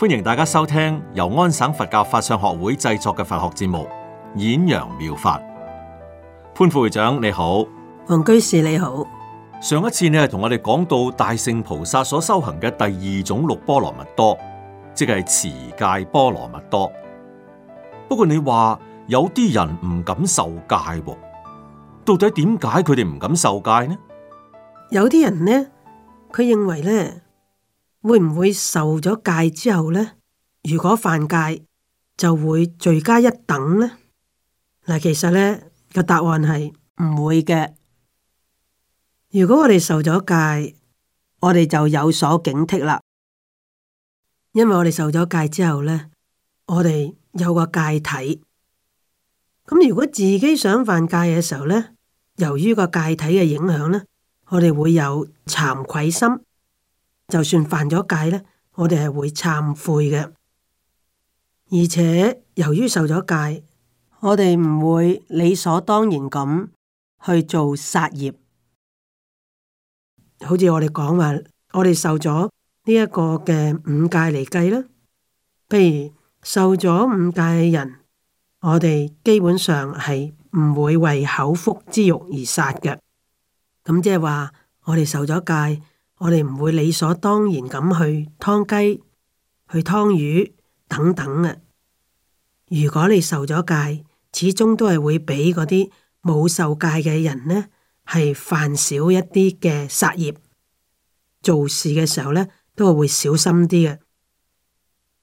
歡迎大家收聽由安省佛教法相學會製作嘅佛學節目《演揚妙、妙法》。潘副會長，你好，王居士，你好。上一次你係同我哋講到大乘菩薩所修行嘅第二種六波羅蜜多，即係持戒波羅蜜多。不過你話有啲人唔敢受戒，啊，到底點解佢哋唔敢受戒呢？有啲人呢，佢認為呢，會唔會受咗戒之後呢？如果犯戒就會罪加一等呢？嗱，其實呢個答案係唔會嘅。如果我哋受咗戒，我哋就有所警惕啦。因為我哋受咗戒之後呢，我哋有個戒體。咁如果自己想犯戒嘅時候呢，由於個戒體嘅影響呢，我哋會有慚愧心。就算犯咗戒呢，我哋係會懺悔嘅，而且由於受咗戒，我哋唔會理所當然咁去做殺業。好似我哋講話，我哋受咗呢一個嘅五戒嚟計啦，譬如受咗五戒嘅人，我哋基本上係唔會為口腹之欲而殺嘅。咁即係話，我哋受咗戒。我哋唔會理所當然咁去劏雞、去劏魚等等嘅。如果你受咗戒，始終都係會畀嗰啲冇受戒嘅人呢，係犯少一啲嘅殺業。做事嘅時候呢，都係會小心啲嘅。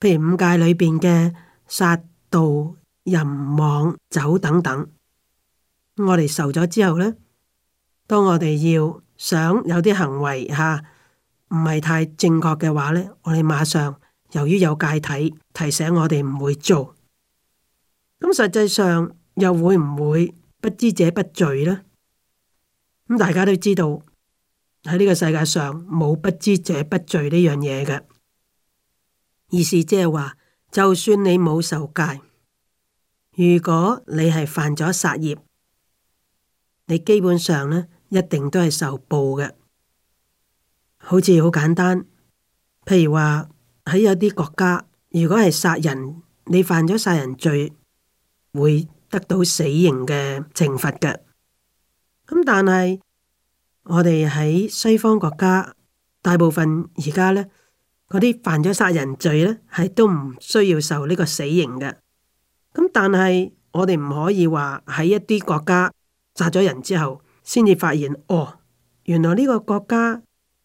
譬如五戒裏邊嘅殺盜淫妄酒等等，我哋受咗之後呢，當我哋要。.想有啲行為嚇唔係太正確嘅話呢，我哋馬上，由於有戒體提醒我哋唔會做。咁實際上又會唔會不知者不罪呢？咁大家都知道喺呢個世界上冇不知者不罪呢樣嘢嘅，意思即係話，就算你冇受戒，如果你係犯咗殺業，你基本上呢。一定都係受報嘅，好似好簡單。譬如話喺有啲國家，如果係殺人，你犯咗殺人罪，會得到死刑嘅懲罰嘅。咁但係我哋喺西方國家，大部分而家呢嗰啲犯咗殺人罪呢，係都唔需要受呢個死刑嘅。咁但係我哋唔可以話喺一啲國家殺咗人之後，先至發現哦，原來呢個國家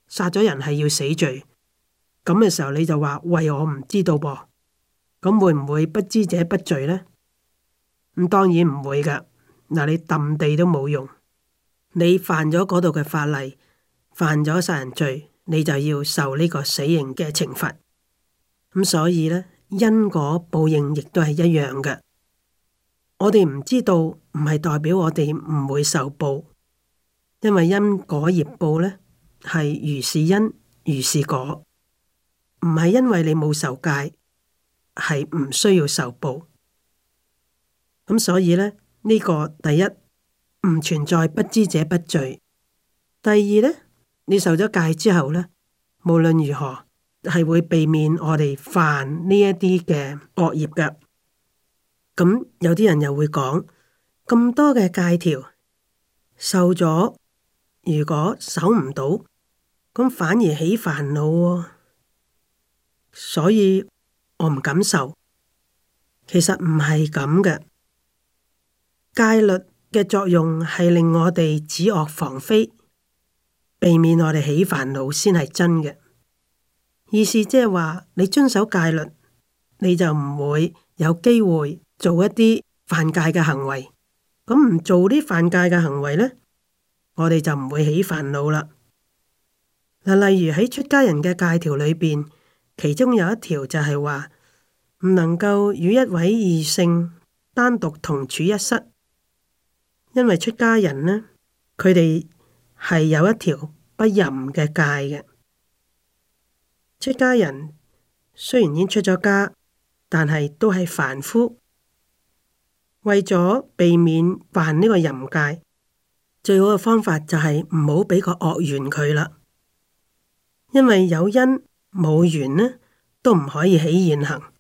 殺咗人係要死罪，咁嘅時候你就話喂，我唔知道噃，咁會唔會不知者不罪呢？嗯，咁當然唔會噶，嗱你揼地都冇用，你犯咗嗰度嘅法例，犯咗殺人罪，你就要受呢個死刑嘅懲罰。咁、嗯、所以呢，因果報應亦都係一樣嘅，我哋唔知道唔係代表我哋唔會受報。因為因果業報咧係如是因如是果，唔係因為你冇受戒係唔需要受報。咁，所以咧，呢個第一唔存在不知者不罪。第二咧，你受咗戒之後咧，無論如何係會避免我哋犯呢一啲嘅惡業嘅。咁有啲人又會講咁多嘅戒條受咗。如果守唔到，咁反而起煩惱喎，所以我唔敢受。其實唔係咁嘅，戒律嘅作用係令我哋止惡防非，避免我哋起煩惱先係真嘅。意思即係話，你遵守戒律，你就唔會有機會做一啲犯戒嘅行為。咁唔做啲犯戒嘅行為呢？我哋就唔會起煩惱啦。嗱，例如喺出家人嘅戒條裏邊，其中有一條就係話唔能夠與一位異性單獨同處一室，因為出家人呢，佢哋係有一條不淫嘅戒嘅。出家人雖然已經出咗家，但係都係凡夫，為咗避免犯呢個淫戒。最好嘅方法就係唔好畀個惡緣佢啦，因為有因冇緣咧都唔可以起現行。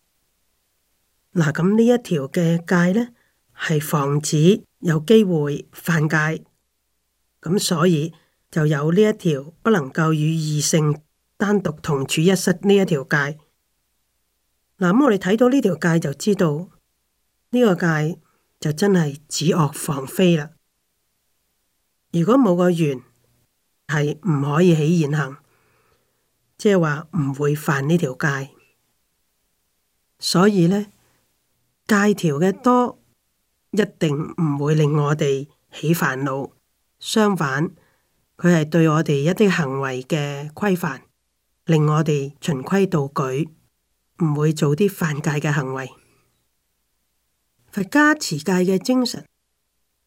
嗱，咁呢一條嘅戒呢，係防止有機會犯戒，咁所以就有呢一條不能夠與異性單獨同處一室呢一條戒。嗱，咁我哋睇到呢條戒就知道呢個戒就真係止惡防非啦。如果冇個緣，係唔可以起現行，即係話唔會犯呢條戒。所以呢，戒條嘅多一定唔會令我哋起煩惱。相反，佢係對我哋一啲行為嘅規範，令我哋循規蹈矩，唔會做啲犯戒嘅行為。佛家持戒嘅精神。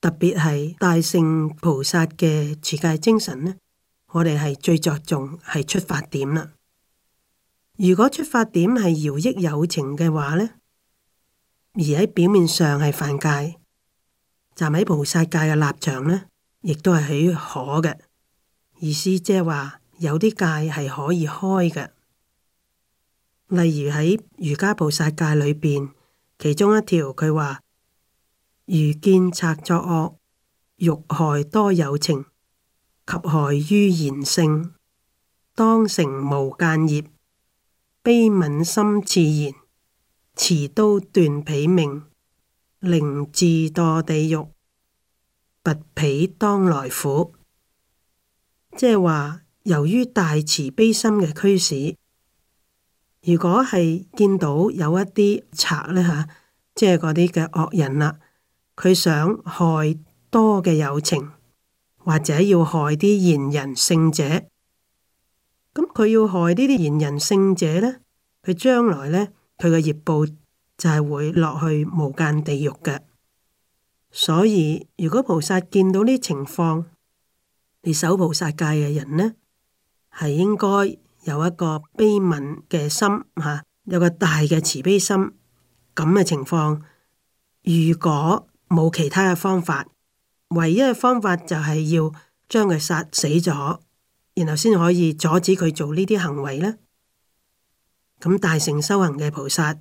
特別係大乘菩薩嘅持戒精神呢，我哋係最着重，係出發點啦。如果出發點係饒益有情嘅話呢，而喺表面上係犯戒，站喺菩薩戒嘅立場呢，亦都係許可嘅意思，即係話有啲戒係可以開嘅。例如喺瑜伽菩薩戒裏邊，其中一條佢話。如見賊作惡，欲害多有情，及害於賢聖，當成無間業。悲憫心自然，持刀斷彼命，寧自墮地獄，拔彼當來苦。即係話，由於大慈悲心嘅驅使，如果係見到有一啲賊呢，吓，即係嗰啲嘅惡人啦。佢想害多嘅友情，或者要害啲賢人聖者，咁佢要害呢啲賢人聖者呢，佢將來呢，佢嘅業報就係會落去無間地獄嘅。所以如果菩薩見到呢情況，你守菩薩戒嘅人呢，係應該有一個悲憫嘅心吓、啊，有個大嘅慈悲心，咁嘅情況，如果。冇其他嘅方法，唯一嘅方法就係要將佢殺死咗，然後先可以阻止佢做呢啲行為咧。咁大乘修行嘅菩薩，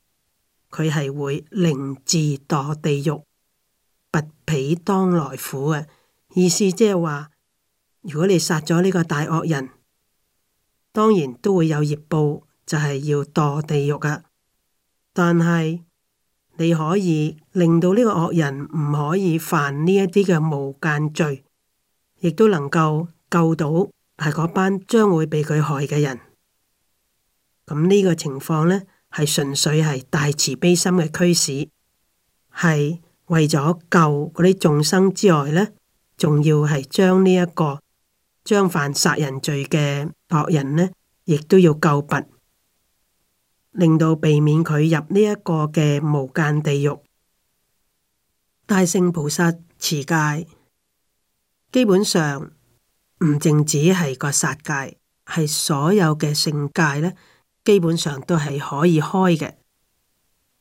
佢係會寧自墮地獄，拔彼當來苦啊！意思即係話，如果你殺咗呢個大惡人，當然都會有業報，就係要墮地獄啊。但係。你可以令到呢個惡人唔可以犯呢一啲嘅無間罪，亦都能夠救到係嗰班將會畀佢害嘅人。咁呢個情況咧，係純粹係大慈悲心嘅驅使，係為咗救嗰啲眾生之外咧，仲要係將呢一個將犯殺人罪嘅惡人咧，亦都要救拔。令到避免佢入呢一個嘅無間地獄。大乘菩薩持戒，基本上唔淨只係個殺戒，係所有嘅性戒咧，基本上都係可以開嘅。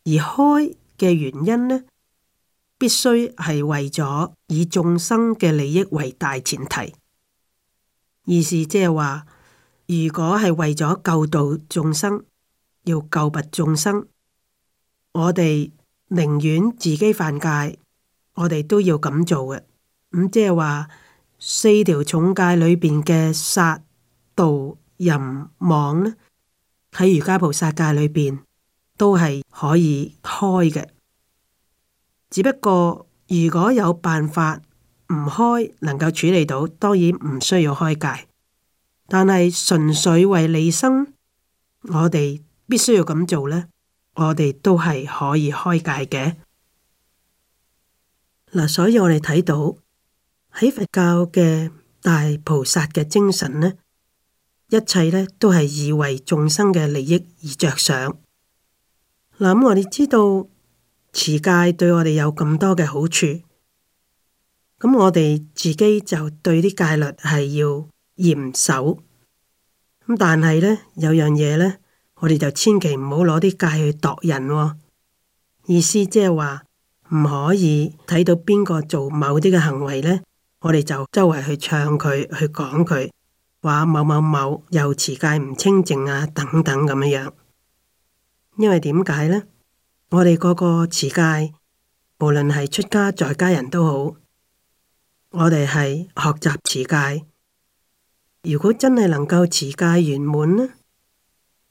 而開嘅原因呢，必須係為咗以眾生嘅利益為大前提，意思即係話，如果係為咗救度眾生，要救拔眾生，我哋寧願自己犯戒，我哋都要咁做嘅。咁即係話四條重戒裏邊嘅殺、盜、淫、妄咧，喺瑜伽菩薩戒裏邊都係可以開嘅。只不過如果有辦法唔開，能夠處理到，當然唔需要開戒。但係純粹為利生，我哋，必須要咁做呢，我哋都係可以開戒嘅。嗱，所以我哋睇到喺佛教嘅大菩薩嘅精神呢，一切呢都係以為眾生嘅利益而着想。嗱，咁我哋知道持戒對我哋有咁多嘅好處，咁我哋自己就對啲戒律係要嚴守。咁但係呢，有樣嘢呢，我哋就千祈唔好攞啲戒去度人。哦，意思即係話唔可以睇到邊個做某啲嘅行為呢，我哋就周圍去唱佢，去講佢，話某某某又持戒唔清淨啊，等等咁樣。因為點解呢？我哋個個持戒，無論係出家在家人都好，我哋係學習持戒。如果真係能夠持戒圓滿咧。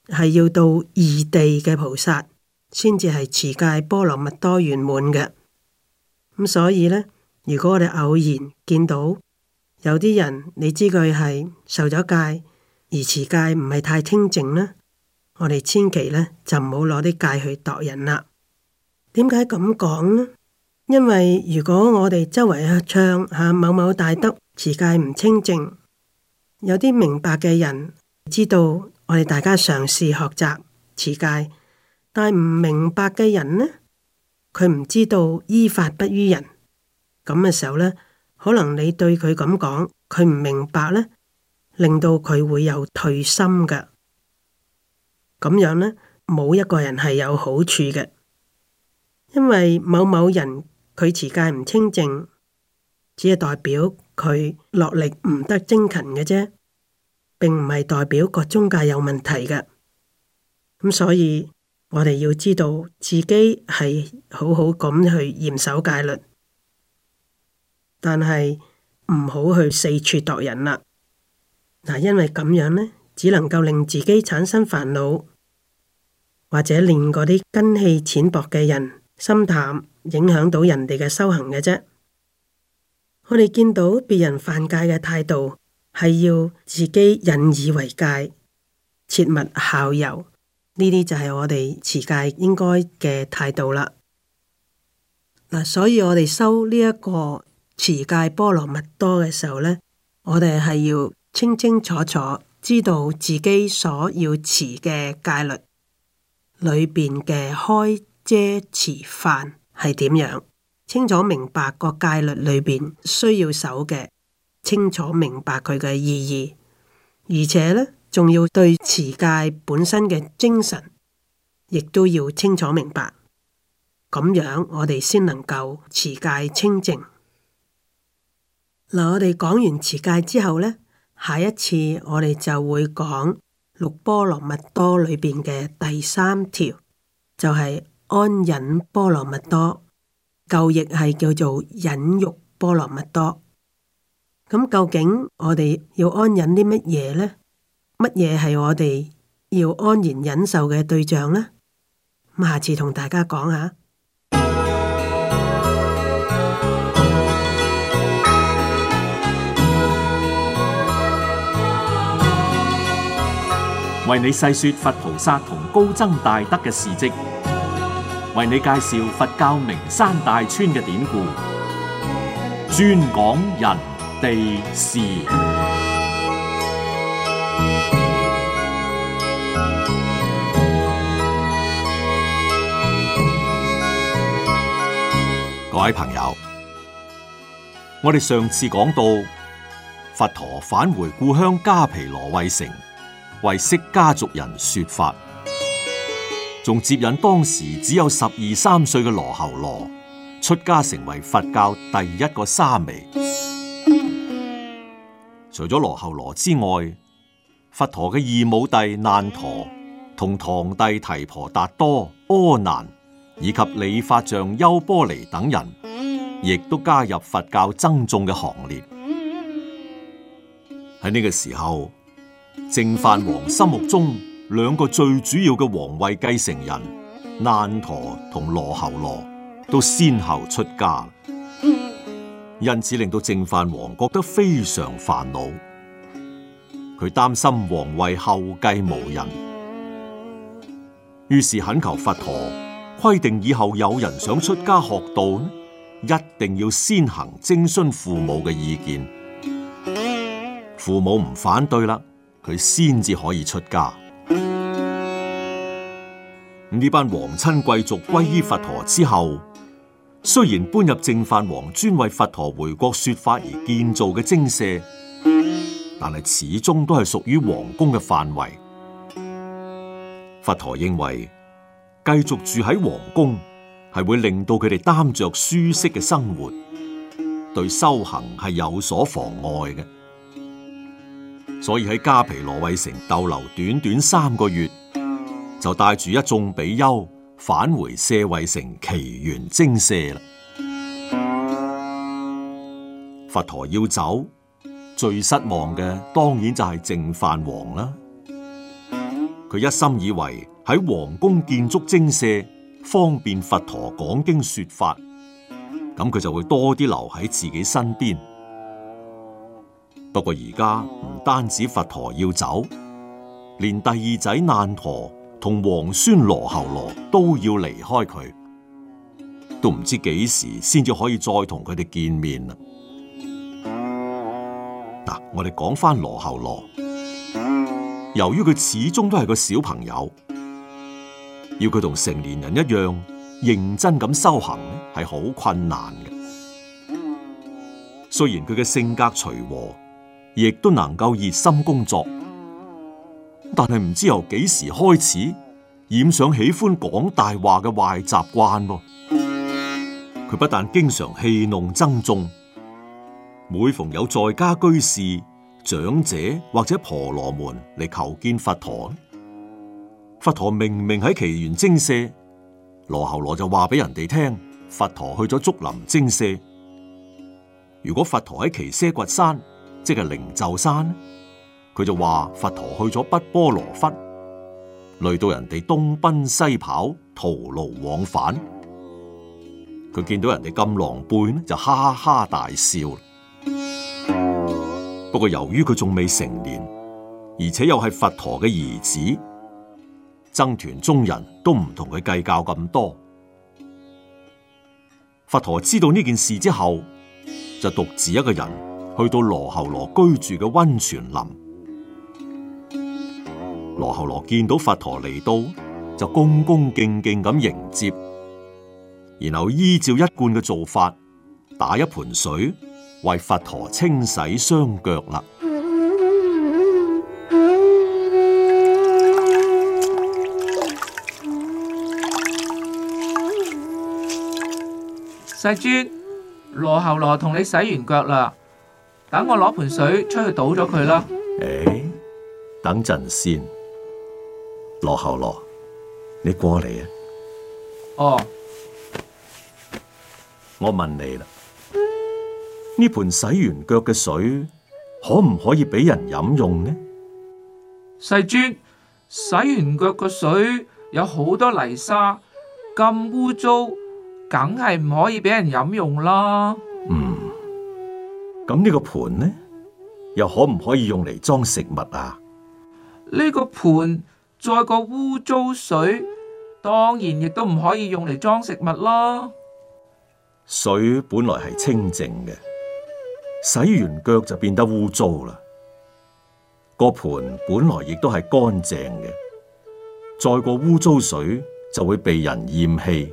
係要到異地嘅菩薩先至係持戒波羅蜜多圓滿嘅。咁、嗯、所以呢，如果我哋偶然見到有啲人，你知佢係受咗戒而持戒唔係太清淨呢，我哋千祈呢就唔好攞啲戒去度人啦。點解咁講呢？因為如果我哋周圍唱下某某大德持戒唔清淨，有啲明白嘅人知道。我哋大家嘗試學習持戒，但係唔明白嘅人呢，佢唔知道依法不依人，咁嘅時候呢，可能你對佢咁講，佢唔明白呢，令到佢會有退心㗎。咁樣呢，冇一個人係有好處嘅，因為某某人佢持戒唔清淨，只係代表佢落力唔得精勤嘅啫。並唔係代表個中介有問題嘅，咁所以我哋要知道自己係好好咁去嚴守戒律，但係唔好去四處度人啦。嗱，因為咁樣呢，只能夠令自己產生煩惱，或者令嗰啲根器淺薄嘅人心淡，影響到人哋嘅修行嘅啫。我哋見到別人犯戒嘅態度，係要自己引以為戒，切勿效尤。呢啲就係我哋持戒應該嘅態度啦。嗱、啊，所以我哋修呢一個持戒波羅蜜多嘅時候咧，我哋係要清清楚楚，知道自己所要持嘅戒律裏邊嘅開遮持犯係點樣，清楚明白個戒律裏邊需要守嘅。清楚明白佢嘅意義，而且呢仲要對持戒本身嘅精神，亦都要清楚明白。咁樣我哋先能夠持戒清淨。嗱，我哋講完持戒之後呢，下一次我哋就會講六波羅蜜多裏邊嘅第三條，就係安忍波羅蜜多，舊譯係叫做忍辱波羅蜜多。咁究竟我哋要安忍啲乜嘢呢？乜嘢係我哋要安然忍受嘅對象呢？咁下次同大家講下。為你細說佛菩薩同高僧大德嘅事跡，為你介紹佛教名山大川嘅典故，專講人地是，各位朋友，我哋上次講到，佛陀返回故鄉迦毗羅衛城，為釋家族人說法，仲接引當時只有十二三歲嘅羅睺羅出家，成為佛教第一個沙彌。除咗羅睺羅之外，佛陀嘅異母弟難陀同堂弟提婆達多、阿難以及理髮匠優波離等人，亦都加入佛教僧眾嘅行列。喺呢個時候，淨飯王心目中兩個最主要嘅皇位繼承人難陀同羅睺羅，都先後出家。因此令到淨飯王覺得非常煩惱，佢擔心皇位後繼無人，於是懇求佛陀規定以後有人想出家學道，一定要先行徵詢父母嘅意見，父母唔反對啦，佢先至可以出家。呢班皇親貴族歸依佛陀之後，雖然搬入淨飯王專為佛陀回國說法而建造嘅精舍，但係始終都係屬於皇宮嘅範圍。佛陀認為繼續住喺皇宮係會令到佢哋擔着舒適嘅生活，對修行係有所妨礙嘅，所以喺加皮羅衛城逗留短短三個月，就帶住一眾比丘，返回舍衛城祇園精舍。佛陀要走，最失望嘅當然就係淨飯王啦。佢一心以為喺皇宮建築精舍，方便佛陀講經說法，咁佢就會多啲留喺自己身邊。不過而家唔單止佛陀要走，連第二仔難陀。同皇孫羅睺羅都要離開佢，都唔知幾時先至可以再同佢哋見面啦。嗱，我哋講返羅睺羅，由於佢始終都係個小朋友，要佢同成年人一樣認真咁修行咧，係好困難嘅。雖然佢嘅性格隨和，亦都能夠熱心工作。但係唔知由幾時開始染上喜歡講大話嘅壞習慣，佢不但經常戲弄僧眾，每逢有在家居士、長者或者婆羅門嚟求見佛陀，佛陀明明喺祇園精舍，羅睺羅就話俾人哋聽，佛陀去咗竹林精舍。如果佛陀喺耆闍崛山，即係靈鷲山。佢就話佛陀去咗北波羅窟，累到人哋東奔西跑，徒勞往返。佢見到人哋咁狼狽，就哈哈大笑。不過由於佢仲未成年，而且又係佛陀嘅兒子，僧團中人都唔同佢計較咁多。佛陀知道呢件事之後，就獨自一個人去到羅睺羅居住嘅溫泉林。羅喉羅見到佛陀嚟到，就恭恭敬敬咁迎接，然後依照一貫嘅做法，打一盆水為佛陀清洗雙腳啦。世尊，羅睺羅同你洗完腳啦，等我攞盆水出去倒咗佢啦。誒，等陣先。羅睺羅，你過嚟啊！哦，我問你啦，呢盆洗完腳嘅水可唔可以俾人飲用呢？世尊，洗完腳嘅水有好多泥沙，咁污糟，梗係唔可以俾人飲用啦。嗯，咁呢個盤呢，又可唔可以用嚟裝食物啊？呢個盤。再過污糟水，當然亦都唔可以用嚟裝食物咯。水本來係清淨嘅，洗完腳就變得污糟啦。個盤本來亦都係乾淨嘅，再過污糟水就會被人厭棄，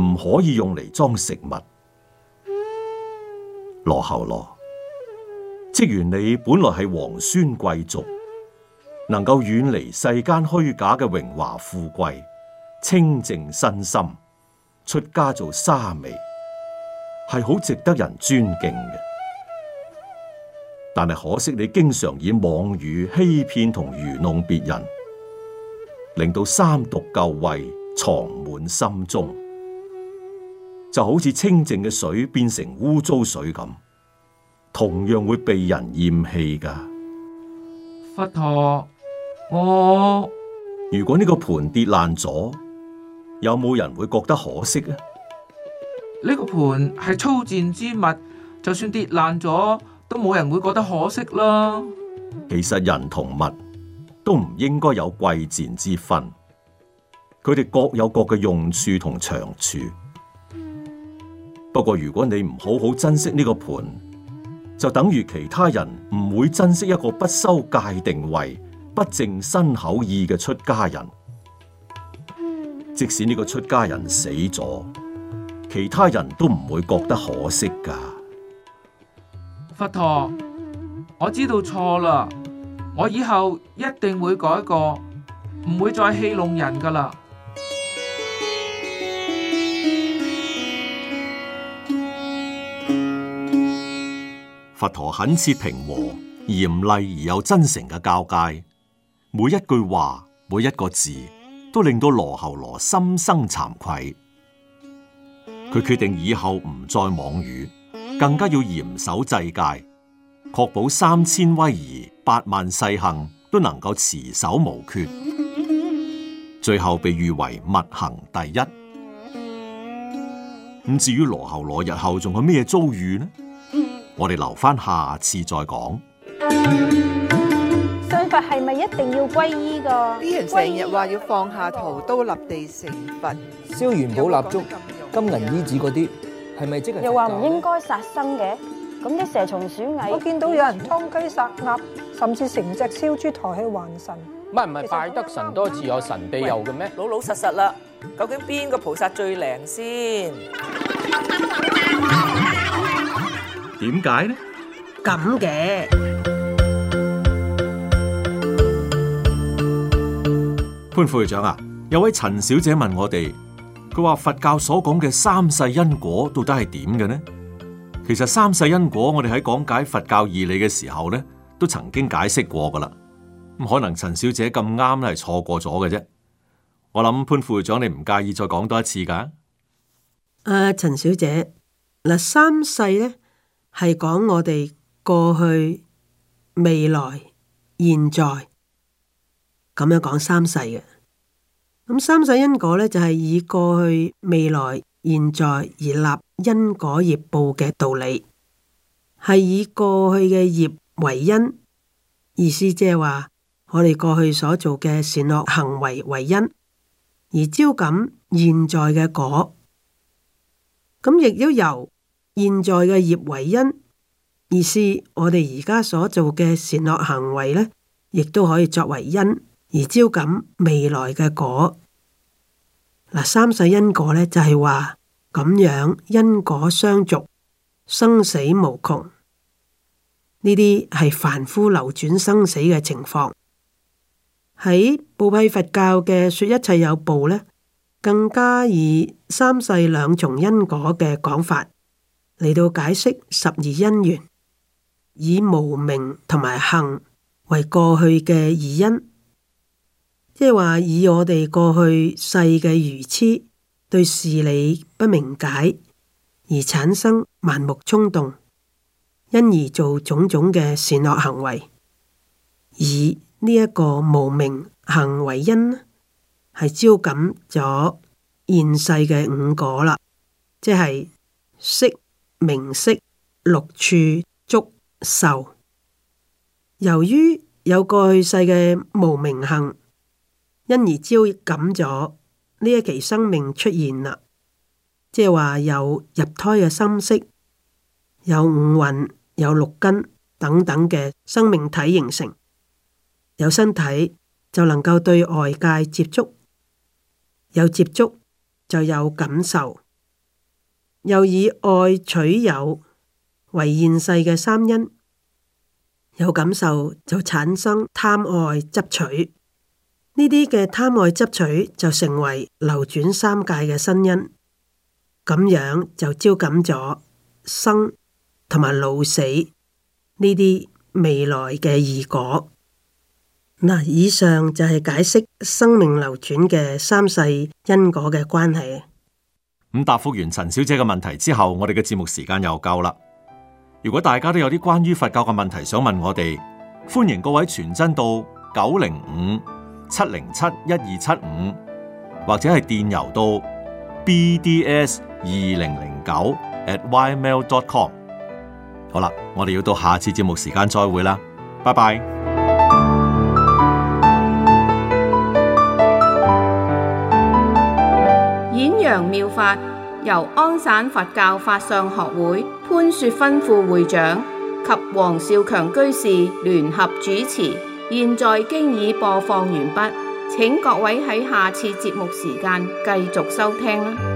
唔可以用嚟裝食物。羅睺羅，即係原你本來係皇孫貴族。能夠遠離世間虛假嘅榮華富貴，清淨身心，出家做沙彌，係好值得人尊敬嘅。但係可惜你經常以妄語欺騙同愚弄別人，令到三毒垢穢藏滿心中，就好似清淨嘅水變成污糟水咁，同樣會被人厭棄㗎。佛陀。哦，如果呢個盤跌爛咗，有冇人會覺得可惜？呢個盤係粗賤之物，就算跌爛咗，都冇人會覺得可惜啦。其實人同物都唔應該有貴賤之分，佢哋各有各嘅用處同長處。不過如果你唔好好珍惜呢個盤，就等於其他人唔會珍惜一個不修界定位。不正身口意嘅出家人，即使呢個出家人死咗，其他人都唔會覺得可惜噶。佛陀，我知道錯啦，我以後一定會改過，唔會再戲弄人噶啦。嗯、佛陀懇切、平和、嚴厲而又真誠嘅教誡，每一句話，每一個字，都令到羅睺羅心生慚愧。佢決定以後唔再妄語，更加要嚴守制戒，確保三千威儀、八萬細行都能夠持守無缺。最後被譽為密行第一。咁至於羅睺羅日後仲有咩遭遇呢？我哋留翻下次再講。佛係咪一定要皈依噶？啲人成日話要放下屠刀立地成佛，燒元寶蠟燭、金銀衣紙嗰啲，係咪即係？又話唔應該殺生嘅，咁啲蛇蟲鼠蟻，我見到有人劏雞殺鴨，甚至成隻燒豬抬去還神。唔係唔係，拜得神多自有神庇佑嘅咩？老老實實啦，究竟邊個菩薩最靈先？點解呢？咁嘅。潘副會長啊，有位陳小姐問我哋，佢話佛教所講嘅三世因果到底係點嘅呢？其實三世因果我哋喺講解佛教義理嘅時候咧，都曾經解釋過噶啦。咁可能陳小姐咁啱係錯過咗嘅啫。我諗潘副會長你唔介意再講多一次噶，啊。誒、呃，陳小姐嗱，三世咧係講我哋過去、未來、現在。咁樣講三世嘅，咁三世因果呢，就係以過去、未來、現在而立因果業報嘅道理，係以過去嘅業為因，意思即係話我哋過去所做嘅善惡行為為因，而招感現在嘅果。咁亦都由現在嘅業為因，意思我哋而家所做嘅善惡行為呢，亦都可以作為因。而招感未來嘅果，嗱，三世因果呢就係話咁樣因果相續，生死無窮，呢啲係凡夫流轉生死嘅情況。喺部派佛教嘅說一切有部呢，更加以三世兩重因果嘅講法嚟到解釋十二因緣，以無明同埋行為過去嘅二因。即係話以我哋過去世嘅愚癡，對事理不明解，而產生盲目衝動，因而做種種嘅善惡行為，以呢一個無明行為因，係招感咗現世嘅五果啦，即係色、名色、六處、觸、受。由於有過去世嘅無明行。因而招感咗呢一期生命出現啦，即係話有入胎嘅心識，有五蘊、有六根等等嘅生命體形成，有身體就能夠對外界接觸，有接觸就有感受，又以愛取有為現世嘅三因，有感受就產生貪愛執取。呢啲嘅貪愛執取就成為流轉三界嘅新因，咁樣就招感咗生同埋老死呢啲未來嘅二果。嗱，以上就係解釋生命流轉嘅三世因果嘅關係。咁答覆完陳小姐嘅問題之後，我哋嘅節目時間又夠啦。如果大家都有啲關於佛教嘅問題想問我哋，歡迎各位傳真到九零五。七零七一二七五，75，或者係電郵到 bds 二零零九 at ymail.com。好啦，我哋要到下次節目時間再會啦，拜拜。演揚妙法由安省佛教法相學會潘雪芬副會長及黃少強居士聯合主持。現在經已播放完畢，請各位喺下次節目時間繼續收聽啦。